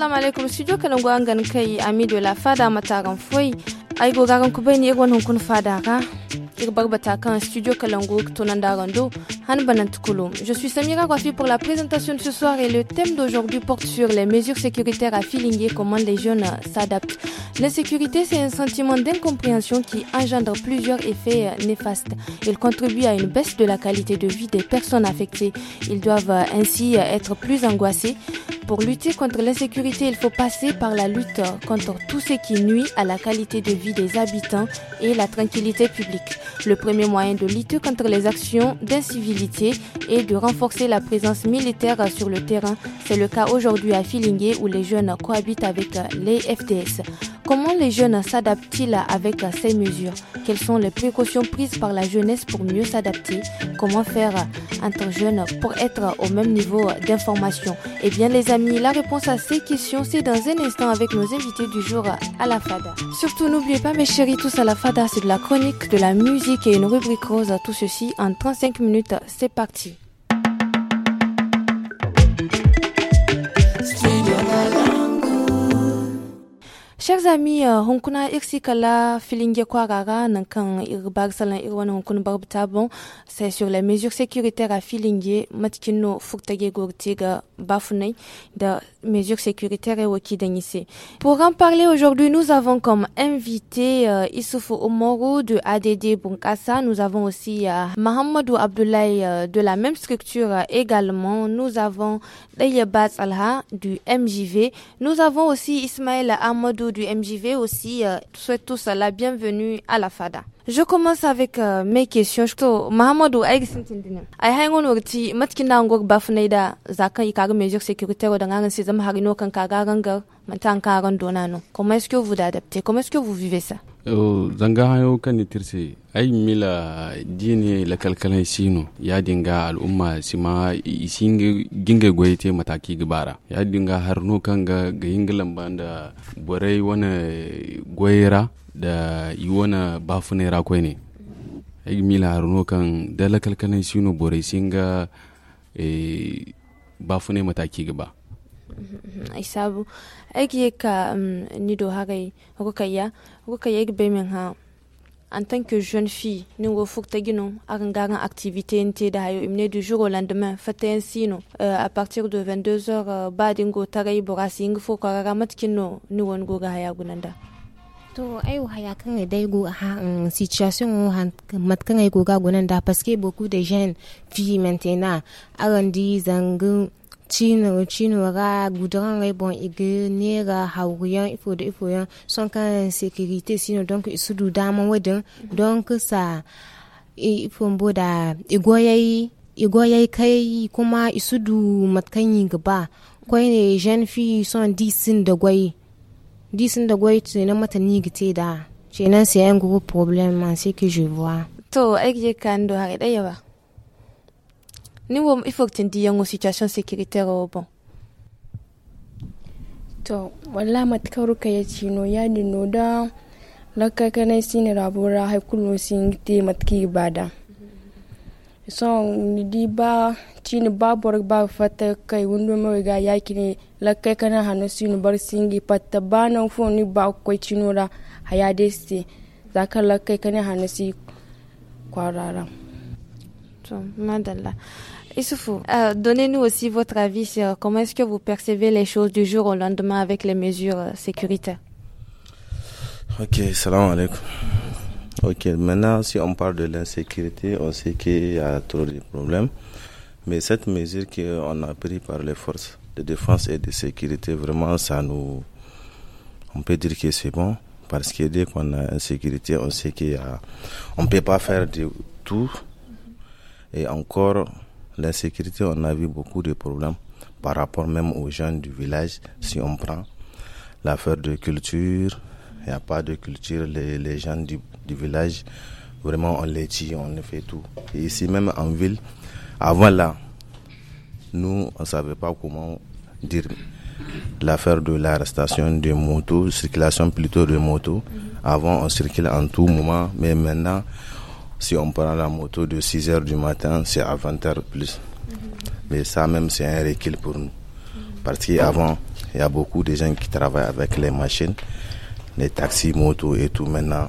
assalamu alaikum studio kanan gwangan kai ami de la fada mataram foi ai gogagan ku bai ne fada ka studio Je suis Samira pour la présentation de ce soir et le thème d'aujourd'hui porte sur les mesures sécuritaires à Filingué, comment les jeunes s'adaptent. L'insécurité, c'est un sentiment d'incompréhension qui engendre plusieurs effets néfastes. Il contribue à une baisse de la qualité de vie des personnes affectées. Ils doivent ainsi être plus angoissés. Pour lutter contre l'insécurité, il faut passer par la lutte contre tout ce qui nuit à la qualité de vie des habitants et la tranquillité publique le premier moyen de lutter contre les actions d'incivilité et de renforcer la présence militaire sur le terrain. C'est le cas aujourd'hui à Filingué où les jeunes cohabitent avec les FDS. Comment les jeunes s'adaptent-ils avec ces mesures Quelles sont les précautions prises par la jeunesse pour mieux s'adapter Comment faire entre jeunes pour être au même niveau d'information Eh bien les amis, la réponse à ces questions, c'est dans un instant avec nos invités du jour à la FADA. Surtout n'oubliez pas mes chéris, tous à la FADA, c'est de la chronique de la musique musique et une rubrique rose à tout ceci en 35 minutes. C'est parti. Chers amis, hunkuna euh, iksi kala filinge kwaraga nankan irbag salan irwan Honkun barbta bon, c'est sur les mesures sécuritaires à filinge matkino fuktage gortiga bafunai da mesures sécuritaires et Wakidanissé. Pour en parler aujourd'hui, nous avons comme invité euh, Issoufou Omoro de ADD Bunkasa. Nous avons aussi euh, Mahamadou Mohamedou Abdoulaye euh, de la même structure euh, également. Nous avons Dayebaz Alha du MJV. Nous avons aussi Ismaël Amadou du MJV aussi. souhaite tous la bienvenue à la FADA. Je commence avec euh, mes questions. So, Mahamadou, aïe, sintin dinim. Aïe, hangon on orti, matkina ngok bafnaida, zakan ikaga mesures sécuritaires dans un système harino kan kagarangar, mantan donano. Comment est-ce que vous vous adaptez? Comment est-ce que vous vivez ça? Euh, zanga hayo kan ni tirse mila dini la kalkalan sino ya dinga sima Ising ginga goyete mataki gibara Yadinga harno kanga Gingalambanda ga yingilan banda borai da iwona bafune rakoi ne yi mila haruno kan dalakalkanin shino bore sun singa e, eh, bafune mataki gaba mm-hmm. ai sabu aiki ka um, nido hagai hukukaiya hukukaiya yi bai min ha en tant que jeune fille fuk ta gino akan gagan activité te da hayo imne du jour au lendemain fata en sino euh, a partir de 22h euh, ba dingo tagay borasi ingo fo kaga no ni wongo ga haya gunanda to ai haya kan mm, situation mat kan ai go ga gonan beaucoup de jeunes filles maintenant arandi zangun chino chino ra goudran et eh, bon ig nera hawriyan il faut il faut son kan sécurité sinon donc isudu dama wadin donc ça il faut boda igoyayi igoyayi kai kuma isudu matkan yi gaba kwai mm-hmm. ne jeunes filles sont disin da gwai disin da gwai na mata ni gite da nan sai yan gugu problem man sai ki jivuwa to ai je kan do har daya ba ni wo il faut que yango situation sécuritaire au oh, bon to walla ka ya cino ya dino da lakka kana sin rabura kullu sin te matki bada son nidi ba cini ba borg ba fata kai wundu mai ga yaki ne la kai kana hanu sinu bar singi patta ba nan ni ba kwai haya desti zaka la kana hanu si kwarara to madalla Issoufou, euh, donnez-nous aussi votre avis sur comment est-ce que vous percevez les choses du jour au lendemain avec les mesures euh, sécuritaires. Ok, salam alaikum. Ok, maintenant, si on parle de l'insécurité, on sait qu'il y a trop de problèmes. Mais cette mesure qu'on a prise par les forces de défense et de sécurité, vraiment, ça nous. On peut dire que c'est bon. Parce que dès qu'on a insécurité, on sait qu'il a. On ne peut pas faire du tout. Et encore, l'insécurité, on a vu beaucoup de problèmes par rapport même aux gens du village. Si on prend l'affaire de culture, il n'y a pas de culture. Les, les gens du du village. Vraiment, on les tue, on les fait tout. Et ici, même en ville, avant là, nous, on savait pas comment dire l'affaire de l'arrestation des motos, circulation plutôt de motos. Avant, on circule en tout moment, mais maintenant, si on prend la moto de 6 heures du matin, c'est à 20 heures plus. Mais ça même, c'est un recul pour nous. Parce qu'avant, il y a beaucoup de gens qui travaillent avec les machines, les taxis, motos et tout. Maintenant,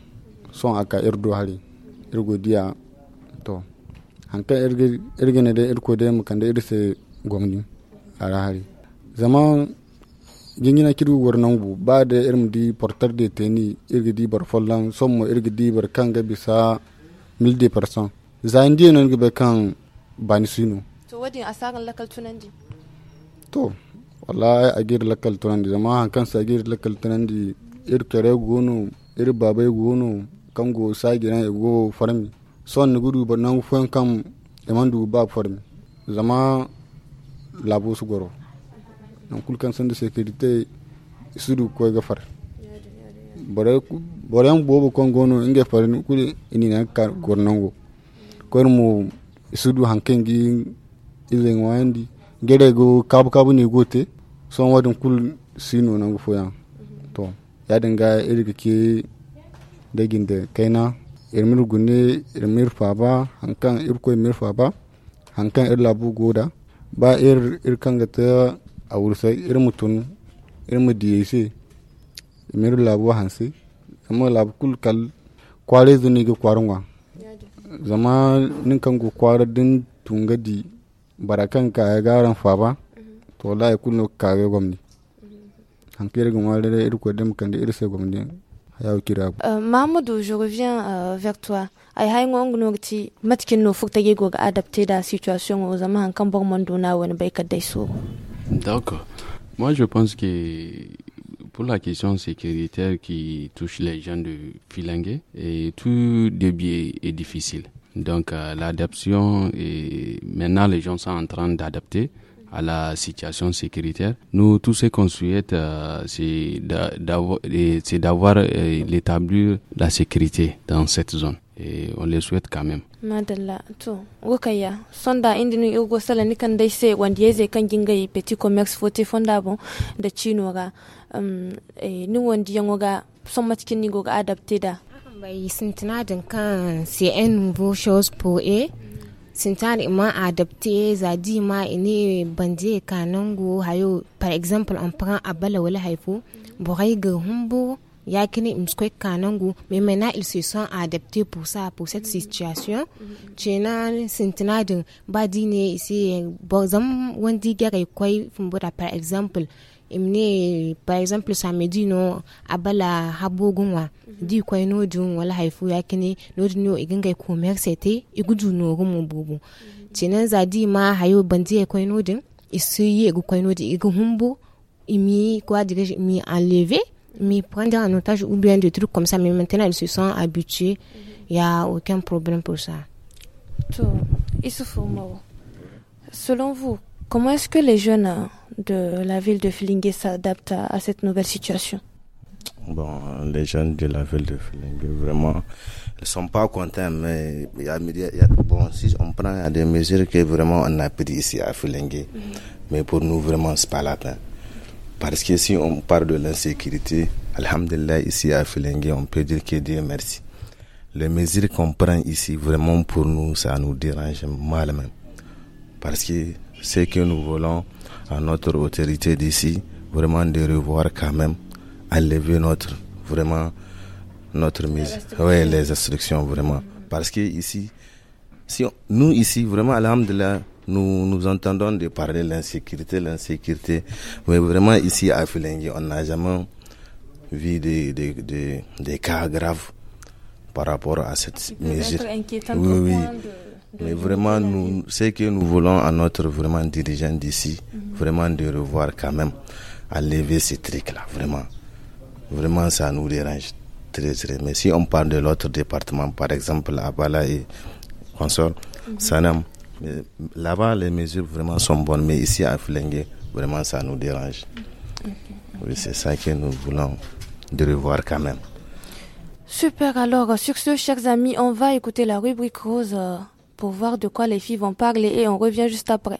son aka irdo hari irgo diya to hankan irgine da irko da mu kanda irse gwamni a hari zama gingina kirgu gornan bu ba da irin di portar de teni irgi di bar follan son mu irgi di bar ga bisa mil de person zain di non gibe kan bani sino to wadin asaran lakal tunandi to wallahi a gir lakal tunandi zama hankan sa gir lakal tunandi ir kare gono ir babai gono kango go sagiran e go farmi son gudu ba nan fuen kam e mandu ba farmi zama labo su goro nan kulkan kan san da security sudu ko ga far bare bare an bobo kango no inge farmi kul ini na ka gornango ko mu sudu hankengi izen wandi gere go kabu kabu ne gote son wadin kul sino nan go foyan to ya dinga irga ke dagin da kaina irmir gune irmir faba hankan irko irmir faba hankan ir labu goda ba ir ir kanga ta a wursa ir mutun ir mu diyese irmir labu hansi amma labu kul kal kwale zuni ga kwarunwa zama nin kan go kwara din tunga di barakan ka ya garan faba to la ya kulno ka ga gwamni hankali gumare irko dem kan da irse gwamni Euh, Mamadou, je reviens euh, vers toi. ai haingong nokti matkin no fukta ge goga adapter la situation aux amants en bon mondo na bay ka D'accord. Moi je pense que pour la question sécuritaire qui touche les gens de Filangé et tout débit est difficile. Donc euh, l'adaptation et maintenant les gens sont en train d'adapter à la situation sécuritaire. Nous, tout ce qu'on souhaite, euh, c'est d'avoir euh, de la sécurité dans cette zone. Et on le souhaite quand même. madalla to wokaya sonda indi nu irgo sala ni kan dai sai wanda kan ginga yi petit commerce fote fonda bon da chino ga um, eh, ni wanda yango ga son matikin ni go adapte da bai sintina din kan c'est nouveau chose pour eux sintar m'a adapté zadi ma ine bande kanango hayo par exemple on prend abala wala haifo borai ga humbo yakini mskwe kanongo mais maintenant ils se sont adaptés pour ça pour cette situation chena sintinadin ba dine isi bozam wandi gara kwai fumbura par exemple imne par exemple samedi no abala habogunwa, mhm. di kwai no jun wala haifu yakini kini no jun no igin gai commerce te igudu no gumu bubu mhm. cinan zadi ma hayo bandi ya kwai no din isu yi igu kwai no di igu humbu imi quoi dirais mi enlever mi prendre en otage ou bien des trucs comme ça mais maintenant ils se sont habitués il mhm. y a aucun problème pour ça tout Selon vous, comment est-ce que les jeunes de la ville de Filingue s'adapte à, cette nouvelle situation Bon, les jeunes de la ville de Filingue, vraiment, ils ne sont pas contents, mais y a, bon, si on prend des mesures que vraiment on a pris ici à Filingue, mhm. mais pour nous, vraiment, ce n'est pas la peine. Parce que si on parle de l'insécurité, Alhamdulillah, ici à Filingue, on peut dire que Dieu merci. Les mesures qu'on prend ici, vraiment pour nous, ça nous dérange mal même. Parce que ce que nous voulons à notre autorité d'ici, vraiment de revoir quand même, enlever notre, vraiment, notre mise, oui, les instructions vraiment. Parce que ici, si nous ici, vraiment, de nous, nous entendons de parler l'insécurité, l'insécurité. Mais vraiment ici à Filengi, on n'a jamais vu des, des, des, cas graves par rapport à cette mesure. oui, oui. Mais vraiment, nous, ce que nous voulons à notre vraiment dirigeant d'ici, mhm. vraiment de revoir quand même, à lever ces trucs-là, vraiment. Vraiment, ça nous dérange très, très. Mais si on parle de l'autre département, par exemple, à Bala et Consort, Sanam, mhm. là-bas, les mesures vraiment sont bonnes, mais ici, à Flingue, vraiment, ça nous dérange. Oui, c'est ça que nous voulons de revoir quand même. Super, alors, sur ce, chers amis, on va écouter la rubrique rose. Euh, pour voir de quoi les filles vont parler et on revient juste après.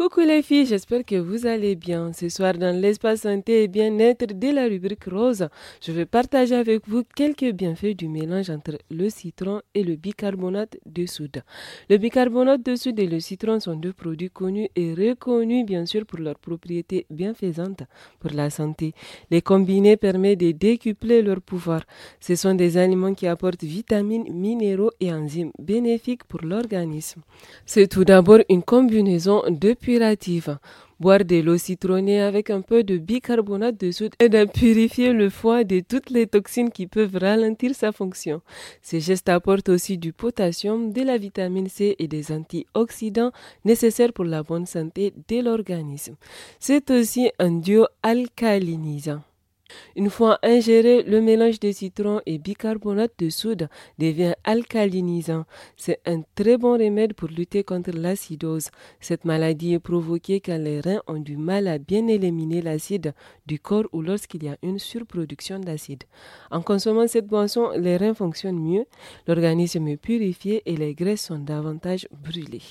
Coucou les filles, j'espère que vous allez bien. Ce soir dans l'espace santé et bien-être de la rubrique rose, je vais partager avec vous quelques bienfaits du mélange entre le citron et le bicarbonate de soude. Le bicarbonate de soude et le citron sont deux produits connus et reconnus bien sûr pour leurs propriétés bienfaisantes pour la santé. Les combinés permet de décupler leur pouvoir. Ce sont des aliments qui apportent vitamines, minéraux et enzymes bénéfiques pour l'organisme. C'est tout d'abord une combinaison depuis Boire de l'eau citronnée avec un peu de bicarbonate de soude aide à purifier le foie de toutes les toxines qui peuvent ralentir sa fonction. Ces gestes apportent aussi du potassium, de la vitamine C et des antioxydants nécessaires pour la bonne santé de l'organisme. C'est aussi un duo alcalinisant. Une fois ingéré, le mélange de citron et bicarbonate de soude devient alcalinisant. C'est un très bon remède pour lutter contre l'acidose. Cette maladie est provoquée quand les reins ont du mal à bien éliminer l'acide du corps ou lorsqu'il y a une surproduction d'acide. En consommant cette boisson, les reins fonctionnent mieux, l'organisme est purifié et les graisses sont davantage brûlées.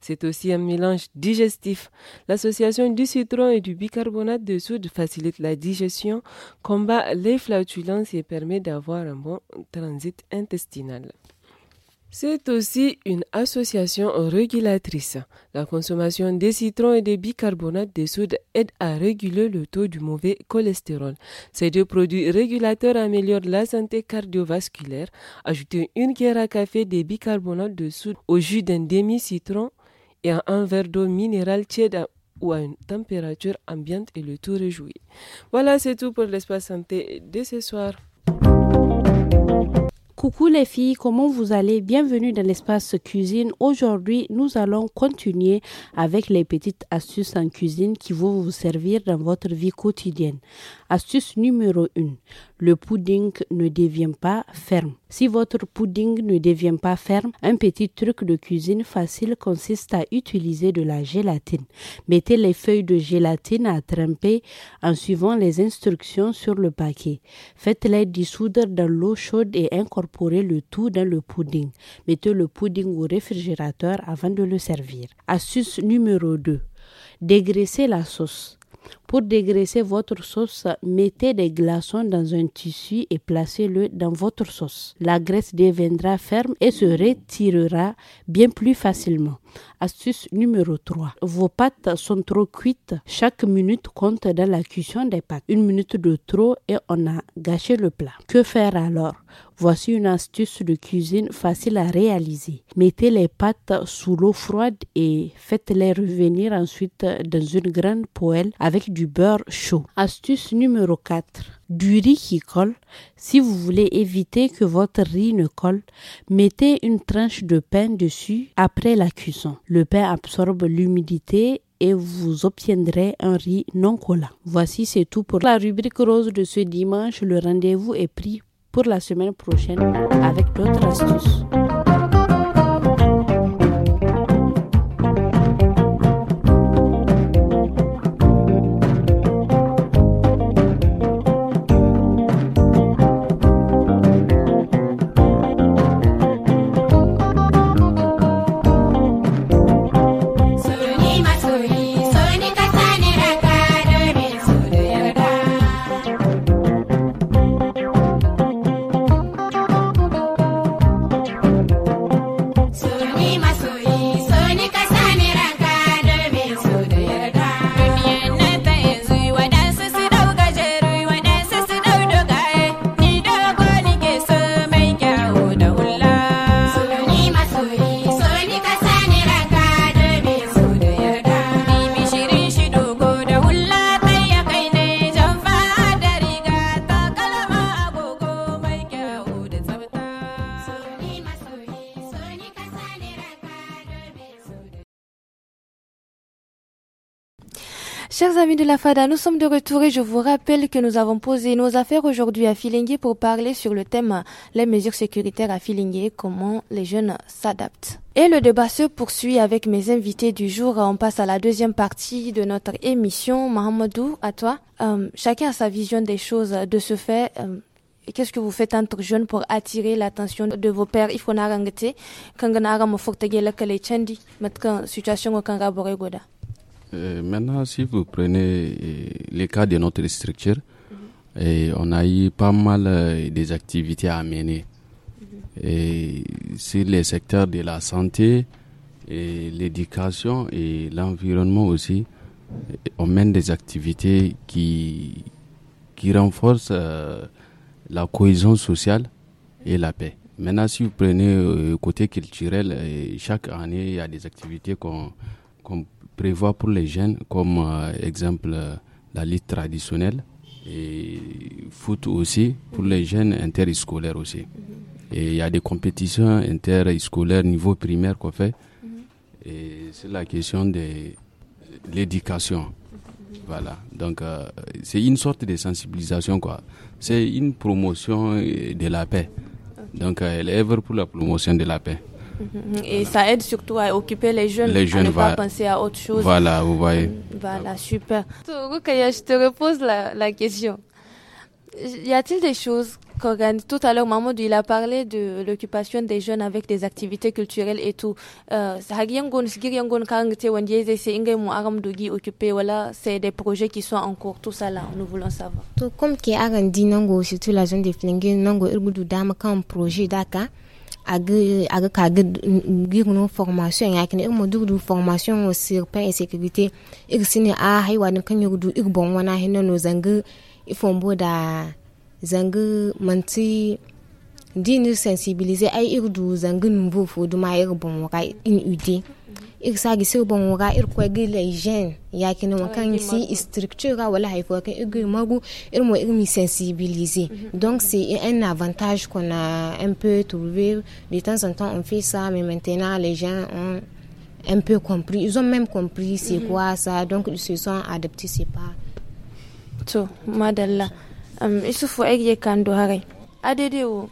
C'est aussi un mélange digestif. L'association du citron et du bicarbonate de soude facilite la digestion, combat les flatulences et permet d'avoir un bon transit intestinal. C'est aussi une association régulatrice. La consommation des citrons et des bicarbonates de soude aide à réguler le taux du mauvais cholestérol. Ces deux produits régulateurs améliorent la santé cardiovasculaire. Ajoutez une cuillère à café des bicarbonates de soude au jus d'un demi-citron et un verre d'eau minérale tiède ou à une température ambiante et le tout réjouit. Voilà, c'est tout pour l'espace santé de ce soir. Coucou les filles, comment vous allez Bienvenue dans l'espace cuisine. Aujourd'hui, nous allons continuer avec les petites astuces en cuisine qui vont vous servir dans votre vie quotidienne. Astuce numéro 1. Le pudding ne devient pas ferme. Si votre pudding ne devient pas ferme, un petit truc de cuisine facile consiste à utiliser de la gélatine. Mettez les feuilles de gélatine à tremper en suivant les instructions sur le paquet. Faites-les dissoudre dans l'eau chaude et incorporez le tout dans le pudding. Mettez le pudding au réfrigérateur avant de le servir. Astuce numéro 2. Dégraissez la sauce. Pour dégraisser votre sauce, mettez des glaçons dans un tissu et placez-le dans votre sauce. La graisse deviendra ferme et se retirera bien plus facilement. Astuce numéro 3. Vos pâtes sont trop cuites. Chaque minute compte dans la cuisson des pâtes. Une minute de trop et on a gâché le plat. Que faire alors Voici une astuce de cuisine facile à réaliser. Mettez les pâtes sous l'eau froide et faites-les revenir ensuite dans une grande poêle avec du beurre chaud. Astuce numéro 4 du riz qui colle. Si vous voulez éviter que votre riz ne colle, mettez une tranche de pain dessus après la cuisson. Le pain absorbe l'humidité et vous obtiendrez un riz non collant. Voici c'est tout pour la rubrique rose de ce dimanche. Le rendez-vous est pris pour la semaine prochaine avec d'autres astuces. Chers amis de la FADA, nous sommes de retour et je vous rappelle que nous avons posé nos affaires aujourd'hui à Filingue pour parler sur le thème les mesures sécuritaires à et comment les jeunes s'adaptent. Et le débat se poursuit avec mes invités du jour. On passe à la deuxième partie de notre émission. Mahamadou, à toi. Euh, chacun a sa vision des choses. De ce fait, euh, qu'est-ce que vous faites entre jeunes pour attirer l'attention de vos pères Il faut situation au kanga euh, maintenant, si vous prenez euh, les cas de notre structure, mhm. et on a eu pas mal euh, des activités à mener. Mhm. Et sur les secteurs de la santé, l'éducation et l'environnement aussi, on mène des activités qui, qui renforcent la cohésion sociale et la paix. Maintenant, si vous prenez le côté culturel, chaque année, il y a des activités qu'on peut prévoit pour les jeunes, comme euh, exemple euh, la lutte traditionnelle et foot aussi, pour les jeunes interscolaires aussi. Mhm. Et il y a des compétitions interscolaires niveau primaire qu'on fait. Mhm. Et c'est la question de l'éducation. Mhm. Voilà. Donc, euh, c'est une sorte de sensibilisation, quoi. C'est une promotion de la paix. Donc, euh, elle œuvre pour la promotion de la paix. Mhm. Et ça aide surtout à occuper les jeunes, les jeunes à ne pas penser à autre chose. Voilà, vous voyez. Voilà, super. je te repose la, question. Y a-t-il des choses tout à l'heure Mamadou, il a parlé de l'occupation des jeunes avec des activités culturelles et tout. voilà, c'est des projets qui sont en cours, tout ça là, nous voulons savoir. comme qui a dit, surtout la zone un projet d'aka aga kaga girnu formation ya kini irmo duk du formation wa sir pain et sécurité ir sini a haiwa ne kan yurdu ir bon wana hinno no zangu ifon da zangu manti dini sensibiliser ai ir du zangu numbu fo du ma ir bon wa in ude. Mhm. irsa gi sir bon waga ir kwa gi la jen ya kini wakan si structure wala haifu wakan igi magu ir mo ir mi sensibiliser mhm. donc c'est un avantage qu'on a un peu trouvé de temps en temps on fait ça mais maintenant les gens ont un peu compris ils ont même compris c'est mm -hmm. quoi ça donc ils se sont adaptés c'est pas tout madalla um, se ege kando quand adede o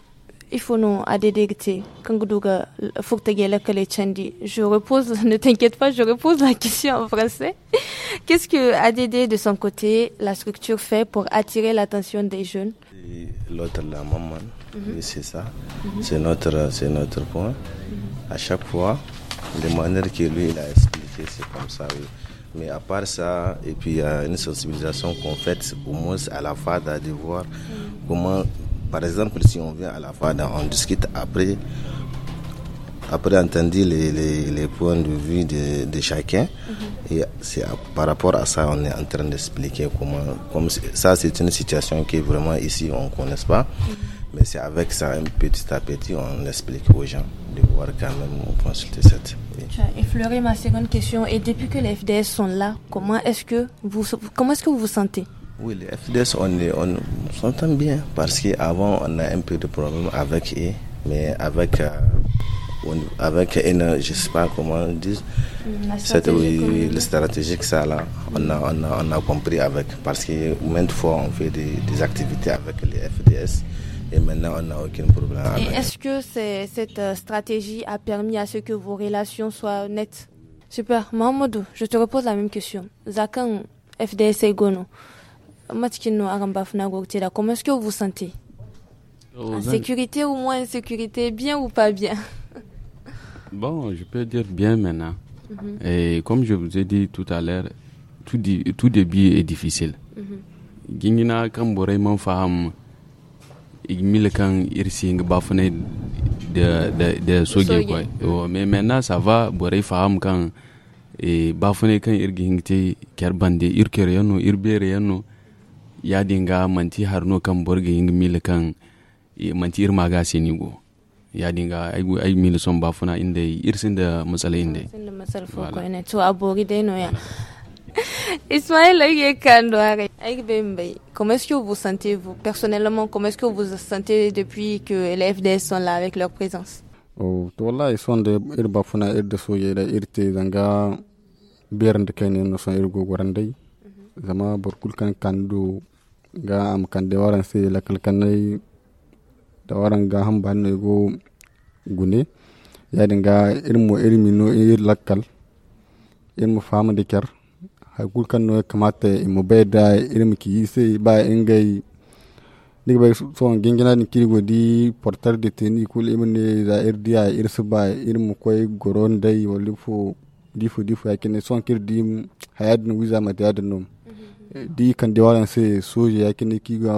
il que kanguduga fuktagela je repose ne t'inquiète pas je repose la question en français qu'est-ce que ADD de son côté la structure fait pour attirer l'attention des jeunes l'autre la maman mhm. c'est ça mhm. c'est notre c'est notre point à chaque fois les manières que lui il a expliqué c'est comme ça mais à part ça, et puis il y a une sensibilisation qu'on fait au moins à la fois de voir mhm. comment par exemple, si on vient à la fois, on discute après, après entendre les, points de vue de, chacun. Mhm. Et c'est par rapport à ça, on est en train d'expliquer comment. Comme ça, c'est une situation qui est vraiment ici, on ne connaît pas. Mhm. Mais c'est avec ça, petit à petit, on explique aux gens de voir quand même consulter cette. Tu ma seconde question. Et depuis que les FDS sont là, comment est-ce que vous, comment est-ce que vous vous sentez oui, les FDS, on, on s'entend bien parce qu'avant, on a un peu de problème avec eux, mais avec, euh, avec une, je ne sais pas comment disent cette oui, stratégie ça là, on a, on, a, on a compris avec parce que maintes fois, on fait des, activités avec les FDS et maintenant on n'a aucun problème. est-ce que cette euh, stratégie a permis à ce que vos relations soient nettes Super. Mamadou, je te repose la même question. Zakan, FDS et Gono. Comment est-ce que vous vous sentez en sécurité ou moins sécurité, bien ou pas bien Bon, je peux dire bien maintenant. Mhm. Et comme je vous ai dit tout à l'heure, tout, tout, début est difficile. Mhm. Gingina kan mon man faham igmil kan irsing bafune de de de soge quoi. Oh, mais maintenant ça va borai faham kan et bafune kan irgingte kerbande irkereyano Yadinga dinga manti harno kan borge yinga mil kan manti irma ga senigo ya dinga ai mil son ba funa inda irsin da matsala inda irsin da matsala ko ne to abori dai no ya Ismaël comment est-ce que vous sentez-vous personnellement Comment est-ce que vous sentez depuis que les FDS sont là avec leur présence oh, To wallahi son da ir bafuna ir de soye da ir te zanga biyar da kai ne zama burkul kan kandu ga am da waran se la kanai da waran ga han ban go gune ya dinga irmo irmi no ir lakkal mu fama kyar ha haikul kan no kamata bai da irmi ki se ba ingai diga bai son gingina ni kiri godi portar de teni kul imne da irdiya irsu ba mu koy goron dai walifu difu difu yakine son kirdim hayadin wiza matiyadin nom di kan de waran se soje ya kini ki ga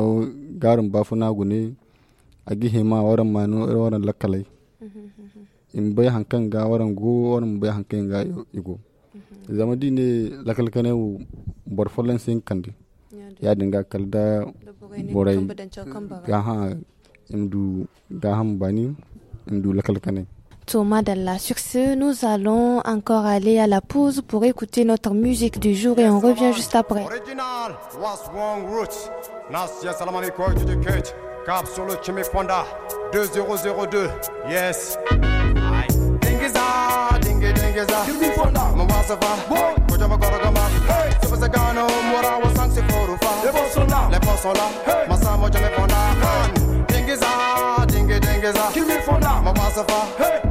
garin bafu na gune a gihe ma waran ma no waran lakalai in bai hankan ga waran go waran bai hankan ga igo zama di ne lakal kane bor folan sin kandi ya dinga kalda borai ga ha indu ga ham bani indu lakal kane Tomadalla. Sur ce, nous allons encore aller à la pause pour écouter notre musique du jour et on revient juste après. Cap sur le Chimikwanda 2002, yes. Dingiza, dingi dingiza, Chimikwanda, Mwazafa Kojama Gorogama, hey. Sebasagano, Mwara wa Sansi Forufa, Leposola, Leposola, hey. Masamo Jamifonda, Han, Dingiza, dingi dingiza, Chimikwanda, Mwasafa, hey.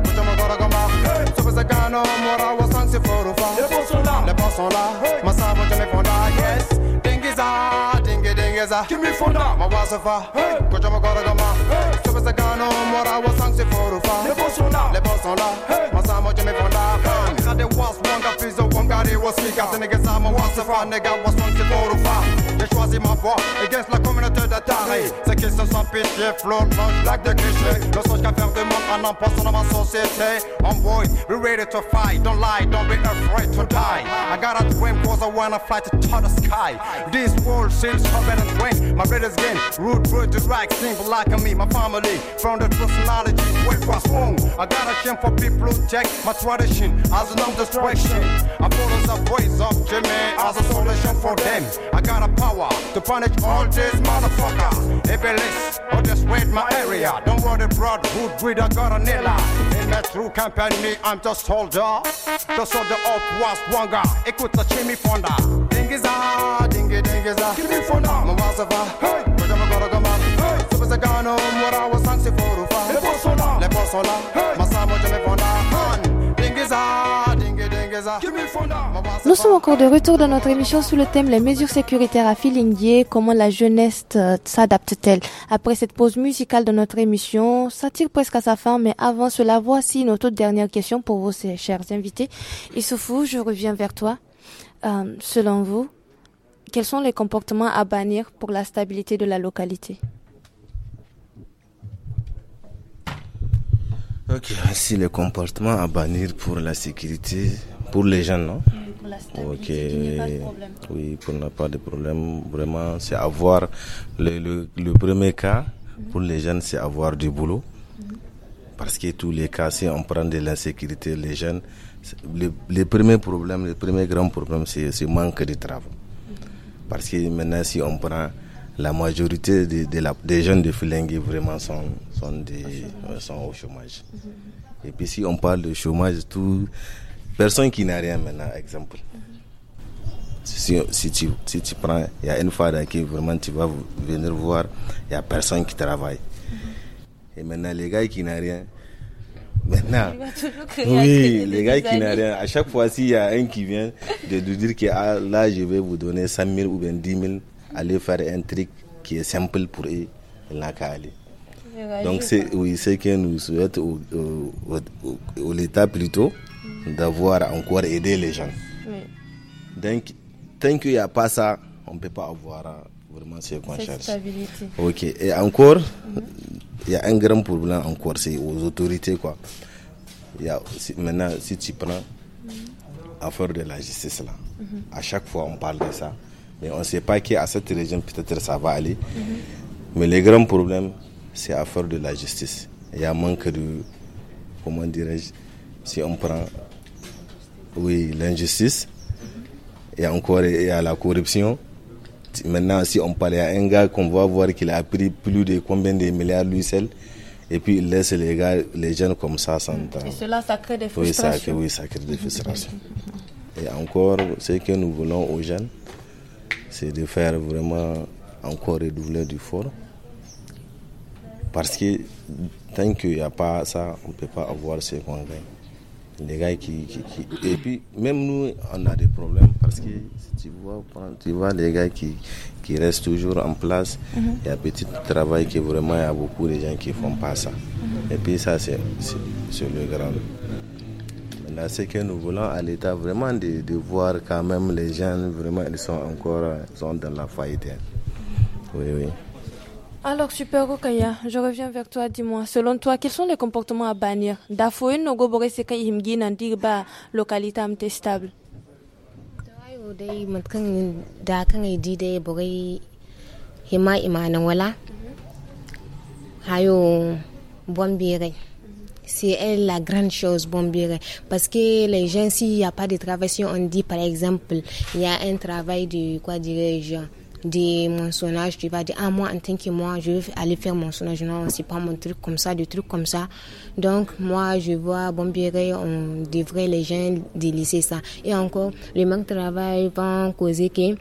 non, moi là, au sens c'est fort ou Les bons sont là, les bons sont là. Ma savon, je les fonda, yes. Dingiza, dingue, dingiza. Give me fonda. Ma voix se fa. Hey. je me no more, was anxious for the fun. Les beaux sont là, les beaux sont là. Hey. Moi, ça, moi, je me fond là. Nigga, they was one, got fils, one got it was sick. After niggas, I'm a once a fun, nigga, was anxious for the fun. J'ai choisi ma voix, against la communauté d'Atari. C'est qu'ils se sont pitié, flotte, mange, lac de clichés. Le songe qu'à faire de monde en emportant dans ma société. Homeboy, we ready to fight, don't lie, don't be afraid to die. I got a dream, cause I wanna fly to the sky. This world seems so better than when my greatest game. Root, root, to right, simple like me, my family from the truth knowledge where transform. I got a shame for people who check my tradition as an distraction. I follow the voice of Jimmy as a solution for them. I got a power to punish all these motherfuckers. Ebelist, or just wait my area. Don't worry, broad with a got In the true company, I'm just soldier. The soldier of was wanga. It could touch me fonda. Dingiza, dingy dingiza. Give me fonda. Mwazawa. nous sommes encore de retour dans notre émission sous le thème Les mesures sécuritaires à Filingué. comment la jeunesse euh, s'adapte-t-elle Après cette pause musicale de notre émission, ça tire presque à sa fin, mais avant cela, voici notre toute dernière question pour vos chers invités. Issoufou, je reviens vers toi. Euh, selon vous, quels sont les comportements à bannir pour la stabilité de la localité Ok, le comportement à bannir pour la sécurité, pour les jeunes, non oui, pour la problème. Oui, pour n'a pas de problème. Vraiment, c'est avoir le, le, premier cas mhm. pour les jeunes, c'est avoir du boulot. Mhm. Parce que tous les cas, si on prend de l'insécurité, les jeunes, le, premier problème, le premier grand problème, c'est ce manque de travail. Mhm. Parce que maintenant, si on prend la majorité de, la, des jeunes de Filingue, vraiment sont sont, des, ah, au sont au chômage. Et puis si on parle de chômage, tout, personne qui n'a rien maintenant, exemple. si, tu, prends, il y a une fois qui vraiment tu vas venir voir, il n'y a personne qui travaille. Et maintenant, les gars qui n'ont rien, Maintenant, oui, les gars qui n'ont rien. À chaque fois, s'il y a un qui vient de nous dire que ah, là, je vais vous donner 5 000 ou bien 10 000, allez faire un truc qui est simple pour eux, il n'a qu'à aller. Donc c'est oui, c'est que nous souhaitons au, l'État plutôt mm. d'avoir encore aidé les gens. Donc tant qu'il n'y a pas ça, on ne peut pas avoir hein, vraiment ce qu'on Ok. Et encore, mm-hmm. il y a un grand problème encore, c'est aux autorités quoi. Y a, maintenant, si tu prends affaire mm-hmm. de la justice là. Mm-hmm. À chaque fois, on parle de ça. Mais on ne sait pas qu'à cette région, peut-être ça va aller. Mais les grands problèmes c'est affaire de la justice. Il y a manque de, comment dirais-je, si on prend, oui, l'injustice, et encore il y a la corruption. Maintenant, si on parle à un gars qu'on va voir qu'il a pris plus de combien de milliards lui seul, et puis il laisse les gars, les jeunes comme ça sans Et cela, ça crée des frustrations. Oui, ça, oui, ça crée des frustrations. Et encore, ce que nous voulons aux jeunes, c'est de faire vraiment encore redoubler du fort. Parce que tant qu'il n'y a pas ça, on ne peut pas avoir ce qu'on gagne. Les gars qui, Et puis, même nous, on a des problèmes parce que tu vois, tu vois les gars qui, restent toujours en place, mhm. il y a petit travail qui vraiment, il y a beaucoup de gens qui ne font pas ça. Mhm. Et puis, ça, c'est le grand. Là, c'est que nous voulons à l'État vraiment de, voir quand même les gens, vraiment, ils sont encore sont dans la faillite. Oui, oui. Alors, Super Okaya, je reviens vers toi. Dis-moi, selon toi, quels sont les comportements à bannir Il faut que se kan himgi nan dirba localité amte stable. matkan da kan e hima imanan wala. Hayo bombire. C'est la grande chose, Bombiré. Parce que les gens, s'il n'y a pas de travail, si on dit par exemple, il y a un travail de, quoi dirais-je, des mensonges, tu vas dire, ah, moi, en tant que moi, je vais aller faire mon Non, c'est pas mon truc comme ça, des trucs comme ça. Donc, moi, je vois, bon, on devrait les gens délaisser ça. Et encore, le manque de travail va causer qu'ils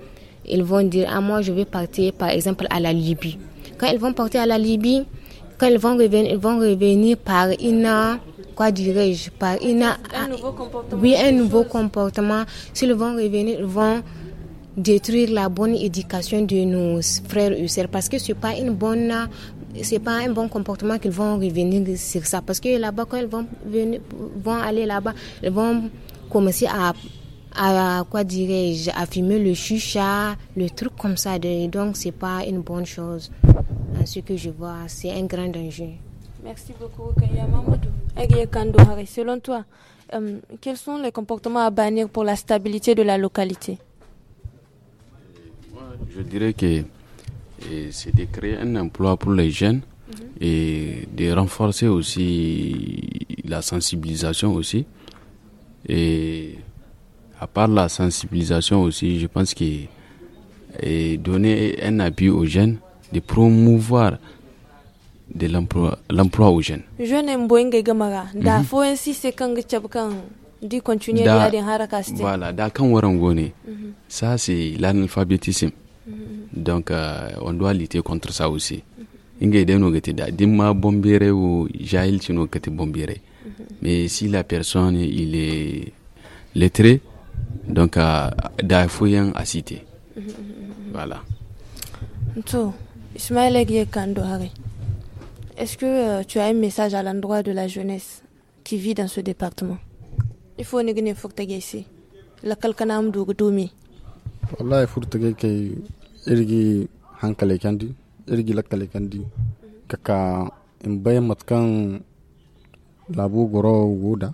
vont dire, ah, moi, je vais partir, par exemple, à la Libye. Quand ils vont partir à la Libye, quand ils vont revenir, ils vont revenir par une, quoi dirais-je, par une, un nouveau Oui, un nouveau comportement. S'ils vont revenir, ils vont détruire la bonne éducation de nos frères et sœurs parce que c'est pas une bonne c'est pas un bon comportement qu'ils vont revenir sur ça parce que là-bas quand ils vont venir, vont aller là-bas ils vont commencer à à quoi je à fumer le chucha, le truc comme ça donc c'est pas une bonne chose ce que je vois c'est un grand danger merci beaucoup Kaya selon toi euh, quels sont les comportements à bannir pour la stabilité de la localité je dirais que eh, c'est de créer un emploi pour les jeunes mhm. et de renforcer aussi la sensibilisation aussi. Et à part la sensibilisation aussi, je pense que et eh, donner un appui aux jeunes, de promouvoir de l'emploi aux jeunes. gamara mhm. Voilà, da kan mhm. Ça c'est l'analphabétisme donc euh, on doit lutter contre ça aussi inge de no da dimma bombere ou jahil chino kati bombere mais si la personne il est lettré donc euh, da fuyan a cité voilà to Ismaël Kando est-ce que euh, tu as un message à l'endroit de la jeunesse qui vit dans ce département il faut ne ici fokta ici la kalkanam do wallahi furta ke irgi hankali kandi irgi lakali kandi kaka in bayan matkan labu goro goda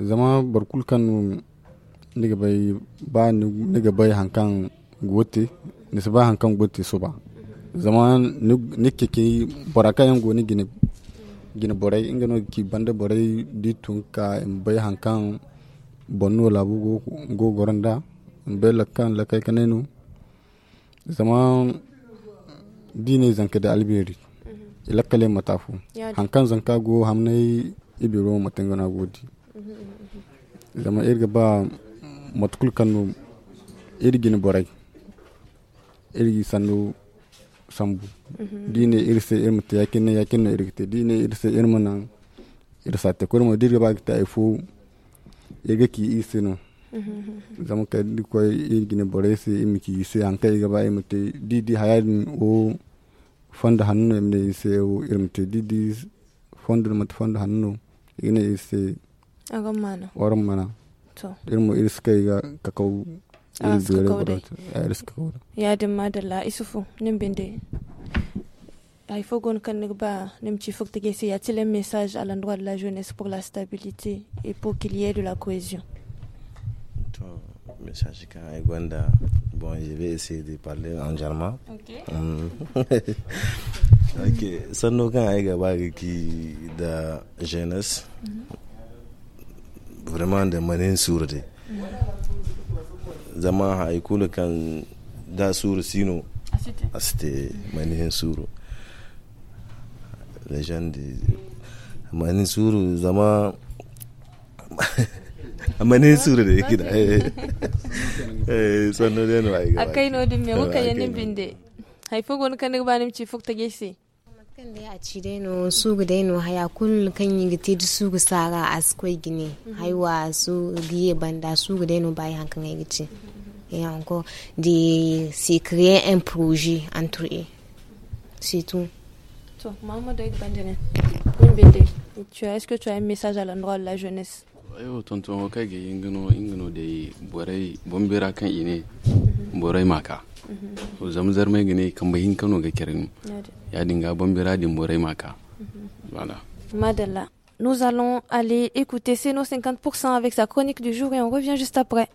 zama barkul kan niga bai ba niga bai hankan gote nisa ba hankan gote so ba zama nike ke baraka yango ni gine gine borai inga no ki banda borai ditun ka in bai hankan bonno labu go goron da be lakkan kai kanenu zaman dine zanka da alberi ilakkale mhm. matafu hankan zanka go hamnai ibiro matangana godi zama irga ba matkul kanu irgin borai irgi sanu sambu mhm. dine irse ta yakin yakin irgite dine irse irsa ta kurma dirga ba ta ifu irga ki isinu zama ka di ko gine bore se imi ki se an kai gaba imi te didi hayadin o fonda hannu imi se o imi te didi fonda mat fonda hannu ine se agan mana waran mana to irmu irska ga kakau irska kawda irska kawda ya de madalla isufu nin binde il faut qu'on un message à l'endroit de la jeunesse pour la stabilité et pour qu'il y ait de la cohésion. Bon, je vais essayer de parler en germain. Ok. Mm. ok. Sanokan qui de jeunesse. Mm-hmm. Vraiment de manière sourde. Mm-hmm. Zama haikulu kan da suru sino. Ah, c'était ah, mm-hmm. manière sourde. Les jeunes de manière sourde, Zama amma ne sura da gida eh, eh. eh sanno den wai ga akai no dum me muka eh, yanin binde haifo gon kan ba nim ci fuk ta gese kan a ci dai no su ga no haya kul kan yi giti da su ga as koi gine mhm. wa su giye banda su ga dai no bai hankan ai gici et mhm. encore de se créer un projet entre eux c'est tout toi maman doit être bonne est-ce que tu as un message à l'endroit de la jeunesse ayo tonton kai ga ingino ingino da yi borai bombera kan ine borai maka to mhm. zamzar mai gine kan bayin kano ga kirin ya dinga bombera din borai maka mhm. voilà madala nous allons aller écouter Ceno 50% avec sa chronique du jour et on revient juste après.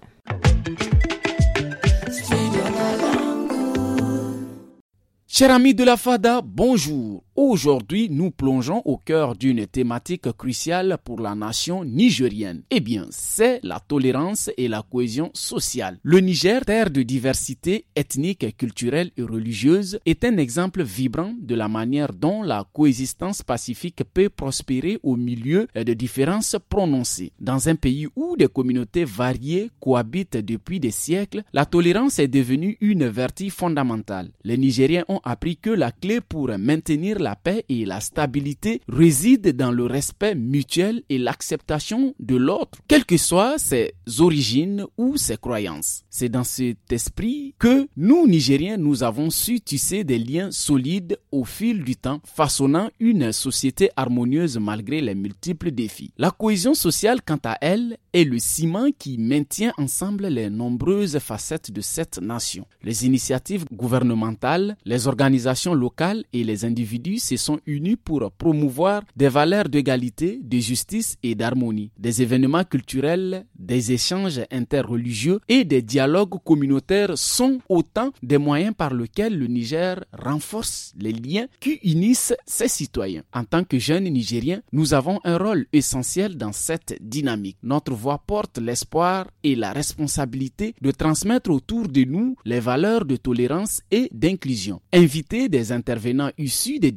Chers amis de la FADA, bonjour. Aujourd'hui, nous plongeons au cœur d'une thématique cruciale pour la nation nigérienne. Eh bien, c'est la tolérance et la cohésion sociale. Le Niger, terre de diversité ethnique, culturelle et religieuse, est un exemple vibrant de la manière dont la coexistence pacifique peut prospérer au milieu de différences prononcées. Dans un pays où des communautés variées cohabitent depuis des siècles, la tolérance est devenue une vertu fondamentale. Les Nigériens ont appris que la clé pour maintenir la paix et la stabilité résident dans le respect mutuel et l'acceptation de l'autre, quelles que soient ses origines ou ses croyances. C'est dans cet esprit que nous, Nigériens, nous avons su tisser des liens solides au fil du temps, façonnant une société harmonieuse malgré les multiples défis. La cohésion sociale, quant à elle, est le ciment qui maintient ensemble les nombreuses facettes de cette nation. Les initiatives gouvernementales, les organisations locales et les individus se sont unis pour promouvoir des valeurs d'égalité, de justice et d'harmonie, des événements culturels, des échanges interreligieux et des dialogues communautaires sont autant des moyens par lesquels le Niger renforce les liens qui unissent ses citoyens. En tant que jeunes Nigériens, nous avons un rôle essentiel dans cette dynamique. Notre voix porte l'espoir et la responsabilité de transmettre autour de nous les valeurs de tolérance et d'inclusion. Inviter des intervenants issus des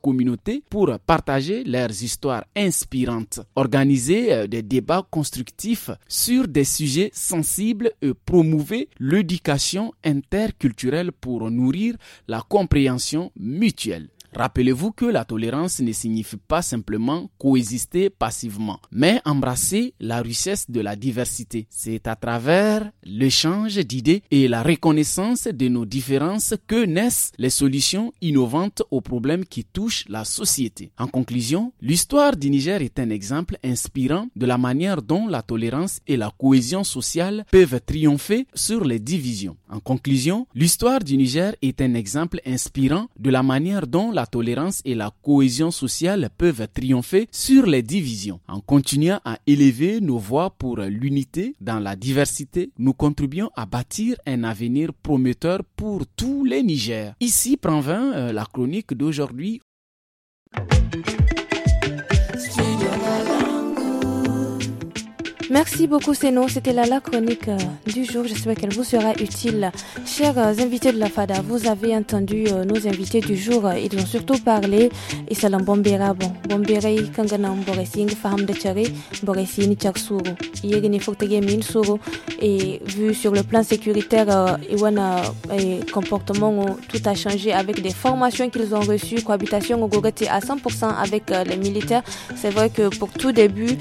communautés pour partager leurs histoires inspirantes, organiser euh, des débats constructifs sur des sujets sensibles et promouvoir l'éducation interculturelle pour nourrir la compréhension mutuelle. Rappelez-vous que la tolérance ne signifie pas simplement coexister passivement, mais embrasser la richesse de la diversité. C'est à travers l'échange d'idées et la reconnaissance de nos différences que naissent les solutions innovantes aux problèmes qui touchent la société. En conclusion, l'histoire du Niger est un exemple inspirant de la manière dont la tolérance et la cohésion sociale peuvent triompher sur les divisions. En conclusion, l'histoire du Niger est un exemple inspirant de la manière dont la la tolérance et la cohésion sociale peuvent triompher sur les divisions. En continuant à élever nos voix pour l'unité dans la diversité, nous contribuons à bâtir un avenir prometteur pour tous les Niger. Ici prend euh, la chronique d'aujourd'hui. Merci beaucoup, Seno. C'était la chronique euh, du jour. J'espère qu'elle vous sera utile. Chers euh, invités de la FADA, vous avez entendu euh, nos invités du jour. Ils ont surtout parlé. Isalam Bombera, bon, Kanganam, Boresing, Faham de souro Boresini, Chaksuru, Fortegemin, Et vu sur le plan sécuritaire, Iwana, comportement, tout a changé avec des formations qu'ils ont reçues, cohabitation au à 100% avec les militaires. C'est vrai que pour tout début,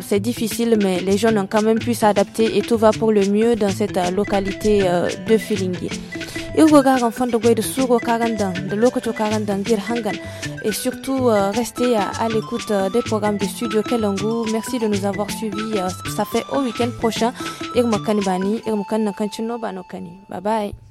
c'est difficile, mais les les jeunes ont quand même pu s'adapter et tout va pour le mieux dans cette euh, localité euh, de Filingue. de fandagwai de sugo Karandan, de lokacin kagandan de hangan et surtout euh, restez euh, à, l'écoute des programmes du studio Kelangu merci de nous avoir suivis ça fait au week-end prochain irma kanibani irma kanna bye bye